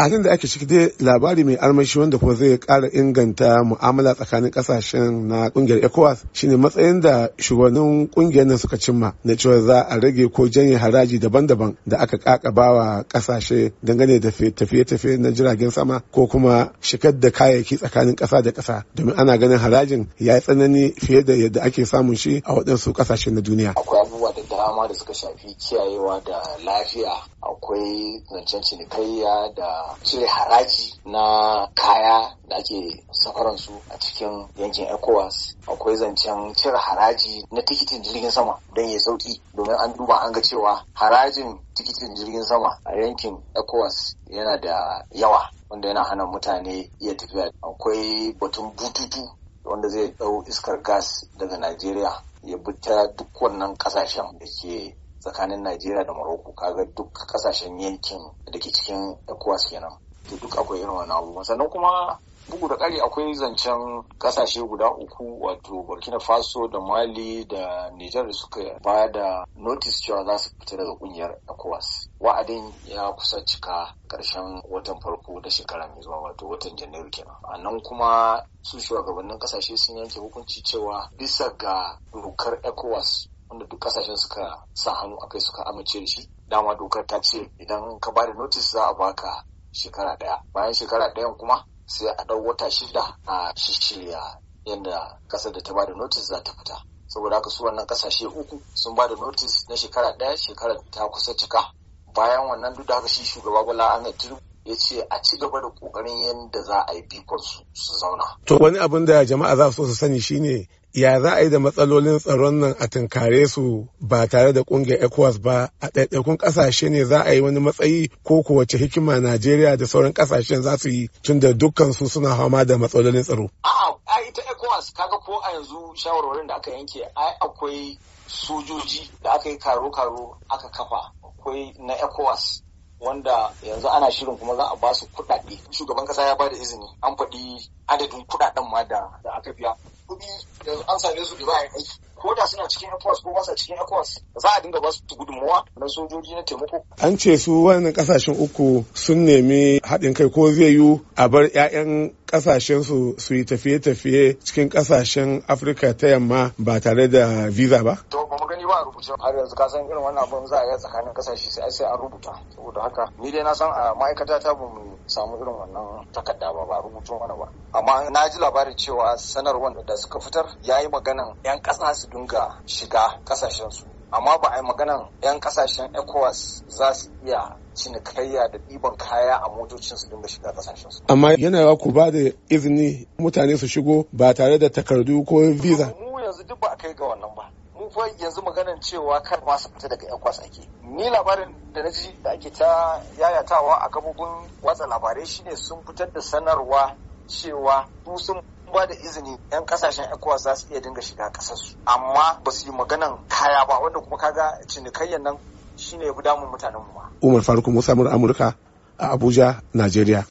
a halin da ake ciki dai labari mai armashi wanda kuma zai kara inganta mu'amala tsakanin kasashen na kungiyar ecowas shine matsayin da shugabannin kungiyar nan suka cimma na cewa za a rage ko janye haraji daban-daban da aka kakabawa kasashe dangane da tafiye-tafiye na jiragen sama ko kuma shigar da kayayyaki tsakanin kasa da kasa domin ana ganin harajin ya yi tsanani fiye da yadda ake samun shi a waɗansu kasashe na duniya. abubuwa dama da suka shafi kiyayewa da lafiya akwai zancen cinikayya da cire haraji na kaya da ake safaransu a cikin yankin ecowas akwai zancen cire haraji na tikitin jirgin sama don ya sauki domin an duba an ga cewa harajin tikitin jirgin sama a yankin ecowas yana da yawa wanda yana hana mutane iya tafiya akwai batun bututu wanda zai ɗau iskar gas daga Najeriya ya bi ta duk wannan ƙasashen da ke tsakanin Najeriya da Morocco kaga duk ƙasashen yankin da ke cikin ECOWAS kenan. To duk akwai irin wannan abu. Sannan kuma bugu da ƙari akwai zancen ƙasashe guda uku wato burkina faso da mali da Niger da suka ba da notis cewa za su fita daga ƙungiyar ecowas wa'adin ya kusa cika ƙarshen watan farko da shekara mai zuwa wato watan janairu kenan a nan kuma su shugabannin ƙasashe sun yanke hukunci cewa bisa ga dokar ecowas wanda duk kasashen suka sa hannu akai suka amince da shi dama dokar ta ce idan ka ba da notis za a baka shekara ɗaya, bayan shekara ɗayan kuma sai a ɗau wata shida a shishirya yadda ƙasar da ta ba da notis za ta fita saboda haka su wannan ƙasashe uku sun ba da notis na shekara ɗaya shekara ta kusa cika bayan wannan duk da haka shi shugaba bala ahmed tinubu ya ce a ci gaba da ƙoƙarin yadda za a yi bikonsu su zauna. To wani abin da jama'a za su sani shine ya za a yi da matsalolin tsaron nan a tunkare su ba tare da ƙungiyar ECOWAS ba a ɗaiɗaikun ƙasashe ne za a yi wani matsayi ko kowace hikima Najeriya da sauran ƙasashen za su yi tun da dukkan su suna hama da matsalolin tsaro. A'a, ita ECOWAS kaga ko a yanzu shawarwarin da aka yanke ai akwai sojoji da aka yi karo-karo aka kafa akwai na ECOWAS wanda yanzu ana shirin kuma za a ba su kuɗaɗe shugaban kasa ya ba da izini an faɗi adadin kuɗaɗen ma da aka biya kuɗi yanzu an same su da za a yi aiki ko da suna cikin ECOWAS ko ba cikin ECOWAS za a dinga ba su gudunmuwa na sojoji na taimako. An ce su wannan kasashen uku sun nemi haɗin kai ko zai yiwu a bar 'ya'yan kasashen su su yi tafiye-tafiye cikin kasashen Afirka ta yamma ba tare da visa ba? To ba a rubuce har yanzu ka san irin wannan abun za a yi tsakanin kasashe sai sai a rubuta saboda haka ni dai na san a ma'aikata ta mu samu irin wannan takarda ba ba rubutun wani ba amma na ji labarin cewa sanarwar da suka fitar ya yi maganan 'yan ƙasa su dinga shiga ƙasashensu amma ba a yi maganan 'yan kasashen ecowas za su iya cinikayya da ɗiban kaya a motocin su dinga shiga kasashen su. amma yana yawa ku ba da izini mutane su shigo ba tare da takardu ko visa mu yanzu duk ba a kai ga wannan ba wai yanzu maganan cewa kan masu fita daga yan kwasa ake ni labarin da na ji da ake ta yayatawa a kafofin watsa labarai shine sun fitar da sanarwa cewa su sun ba da izini 'yan kasashen ecowas za su iya dinga shiga kasarsu amma ba su yi maganan kaya ba wanda kuma kaga cinikayyar nan shine ya fi damun mutanen mu umar faruk musa amurka a abuja najeriya